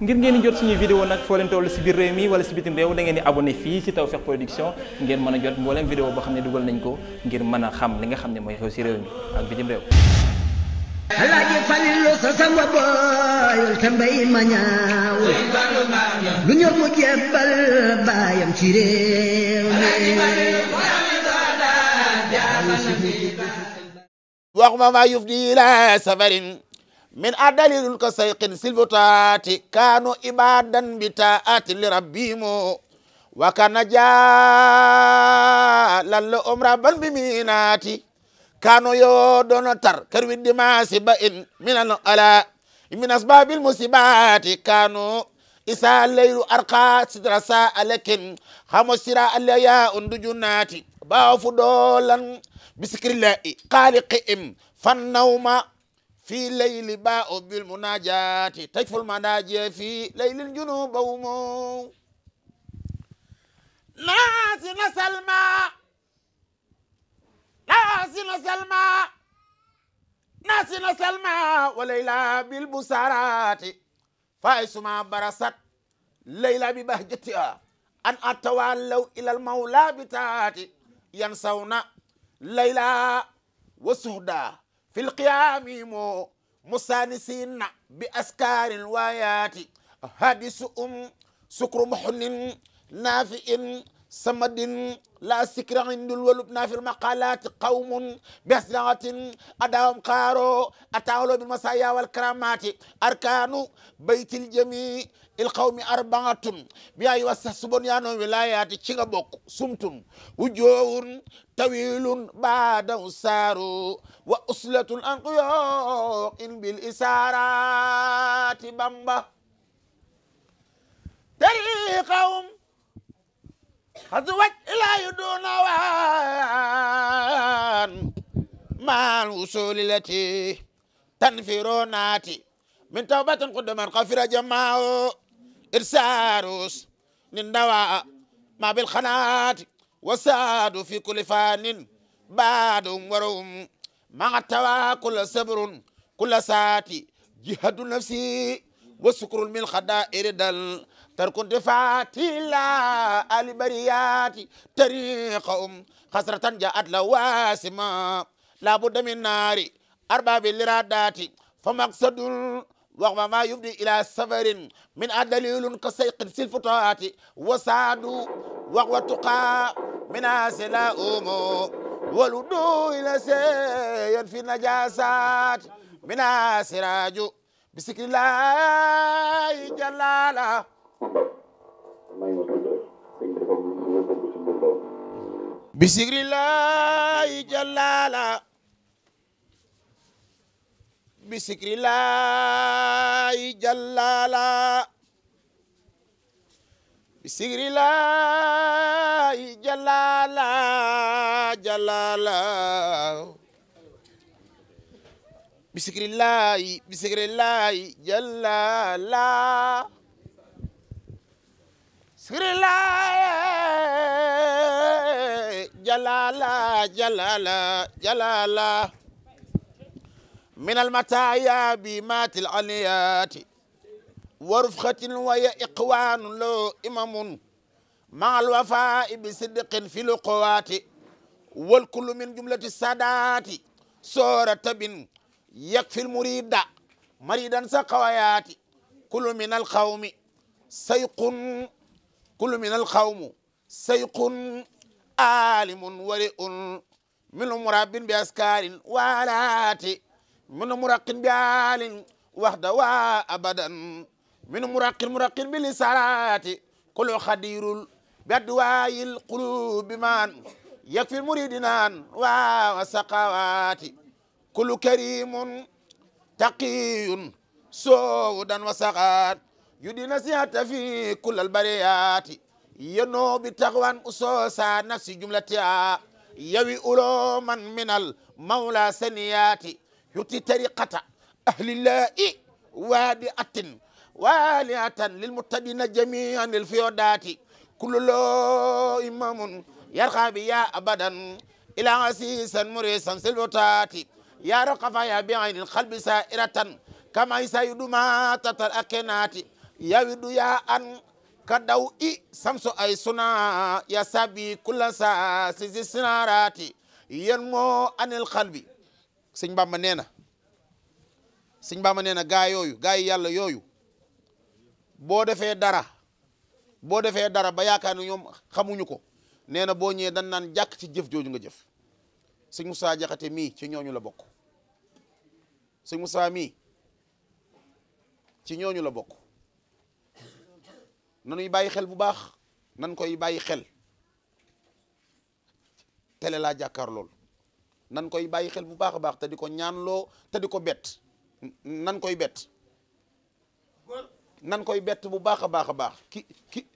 ngir ngeen di jot suñuy vidéo nag foo leen toll si biir réew mi wala si bitim réew da ngeen di abonné fii si Tawfekh Production ngeen mën a jot mbooleem vidéo boo xam ne dugal nañ ko ngir mën a xam li nga xam ne mooy xew si réew mi ak bitim réew alaaji ma ñaaw lu ñor mu jebbal baayam ci réew mi wax ma ma yuf di safarin min adalilul ka sayqin silbutaati kaanu ibadan bi taati li rabbihimu wa kana jaalan la umra ban bi minaati kaanu yo dono tar kar widdi maasi ba in minan ala min asbabil musibaati kaanu isa leylu arqa sidra sa alakin hamo sira allaya on dujunaati baafu dolan bisikrillahi qaliqi im fannawma في ليل باء بالمناجاة تجفو المناجي في ليل جنوب ومو نازل سلمى نازل سلمى نازل سلمى وليلى بالبسارات فايس ما برست ليلى ببهجتها أن أتوالوا إلى المولى بتاتي ينسون ليلى وسهدا في القيام مو مسانسين بأسكار الوايات هادس أم سكر محن نافئ samadin la sikra indul walub na fil maqalat qawmun besnatin adawam qaaro atawlo bil masaya wal karamati arkanu baytil jami il qawmi arbaatun subon yanon wilayati ci nga bokk sumtun wujowun tawilun wa uslatun anqiyoqin bil isarati bamba xasu waj ilaayu duuna waan maal usuli lati tanfiro naati min tawbatin qudduman xafira jamaawo irsaarus nin dawaa ma bil xanaati wasaadu fi kulli baadum warum maga tawa kulla sabrun kulla saati jihadu nafsi wa sukrul min xadaa'iri تركنت فاتي لا البريات طريقهم خسرة جاءت لواسما لا بد من نار أرباب الإرادات فمقصد وما ما يبدي إلى سفر من أدليل كسيق سلفتات وسعد وهو تقى من أسلا أمو ولدو إلى سير في نجاسات من سراج بسكر الله جلاله bisikrillahi jallala bisikrillahi jallala bisikrillahi jallala jallala bisikrillahi bisikrillahi jallala sirila jalala jalala jalala من المتايا بمات العليات ورفخة وهي إقوان له إمام مع الوفاء بصدق في القوات والكل من جملة السادات سورة بن يكفي المريد مريدا سقويات كل من القوم سيق kullu min alxawmu sayqun alimun wari'un minu murabin bi askarin walaati minu muraqin bi alin waxda wa abadan minu muraqin muraqin bi lisaraati kullu xadirul بدواي القلوب من يكفي المريدنا وسقوات كل كريم تقي سودا وسقات yudi nasihata fi kullal bariyati yano bi taxwan usosa nafsi jumlatiha yawi ulo minal mawla saniyati yuti tariqata ahlillahi waadi atin waliatan lilmuttadina jamian lilfiyodati kullulo imamun yarqa bi ya abadan ila asisan murisan silbotati ya raqafa ya bi aynil qalbi sairatan kama isa yuduma tatal akenati yawidu ya an ka daw i samso ay suna ya sabi kulla sa sisi sinarati yen moo anil xalbi sëñ Bamba nee na sëñ Bamba nee na gaa yooyu gaa yi yàlla yooyu boo defee dara boo defee dara ba yaakaar ne ñoom xamuñu ko nee na boo ñëwee dañ naan jàkk ci jëf jooju nga jëf sëñ Moussa Jaxate mii ci ñooñu la bokk sëñ Moussa mii ci ñooñu la bokk nanuy bàyyi xel bu baax nan koy bàyyi xel tele laa jàkkaar lool nan koy bàyyi xel bu baax a baax te di ko ñaanloo te di ko bett nan koy bett nan koy bett bu baax a baax a baax ki ki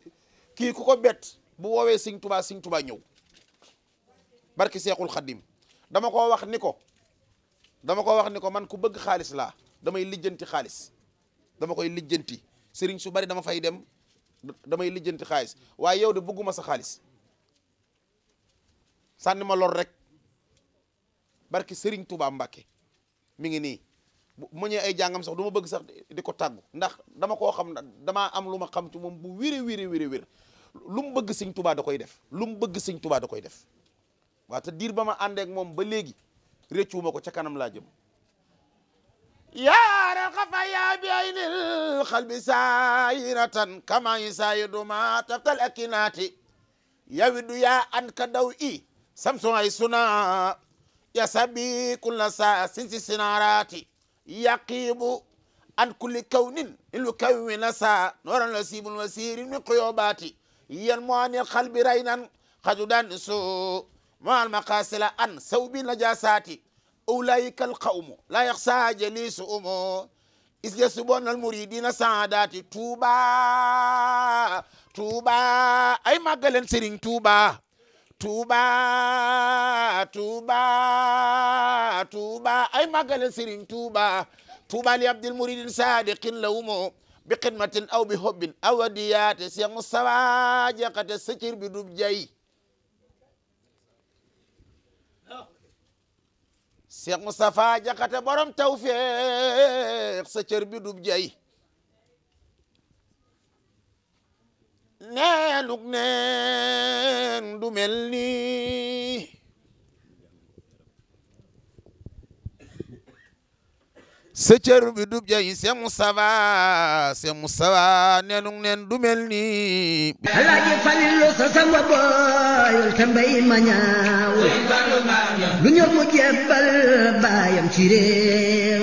kii ku ko bett bu woowee Sëñ Tuubaa Sëñ Tuubaa ñëw barki Seexul Xaddim dama ko wax ni ko dama ko wax ni ko man ku bëgg xaalis laa damay lijjanti xaalis dama koy lijjanti sëriñ su bari dama fay dem damay lijjanti xaalis waaye yow de bëgguma sa xaalis sànni ma lor rek barki sëriñ Touba Mbacké mi ngi nii bu mu ay jàngam sax duma bëgg sax di ko tàggu ndax dama koo xam damaa am lu ma xam ci moom bu wéré wéré wéré wér lu mu bëgg siñ Touba da koy def lu mu bëgg Serigne Touba da koy def waaw te diir ba ma àndeek moom ba léegi réccuwuma ko ca kanam laa jëm yaa raqafa yaa bi ayni alxalbi saayiratan kama yusaayidu ma taftal akinaati yawidu yaa an ka daw i ay suna ya sabi kulla saa sinsi sinaraati yaqibu an kulli kawnin ilu kawwina saa nooran lasibun wasirin min quyoobaati yanmuani alxalbi raynan xajudan su ma almaqasila an sawbi najasaati أولئك القوم لا يخشى جليسهم إذ يسبون المريدين سعادات توبا توبا أي ما قالن سيرين توبا توبا توبا توبا أي ما قالن سيرين توبا توبا لعبد المريد صادق لهم بخدمة أو بحب أو ديات سيان سواجقة سكر بدوب جاي Cheikh Moustapha Jaxate borom tawfeex sa cër bi dub jay neenuk neen du mel sa cër bi dub jayi se musawa se musawa nenung nen du mel ni alaaji falilu sa sama boyul te ma ñaaw lu ñor mu jebbal baayam ci réew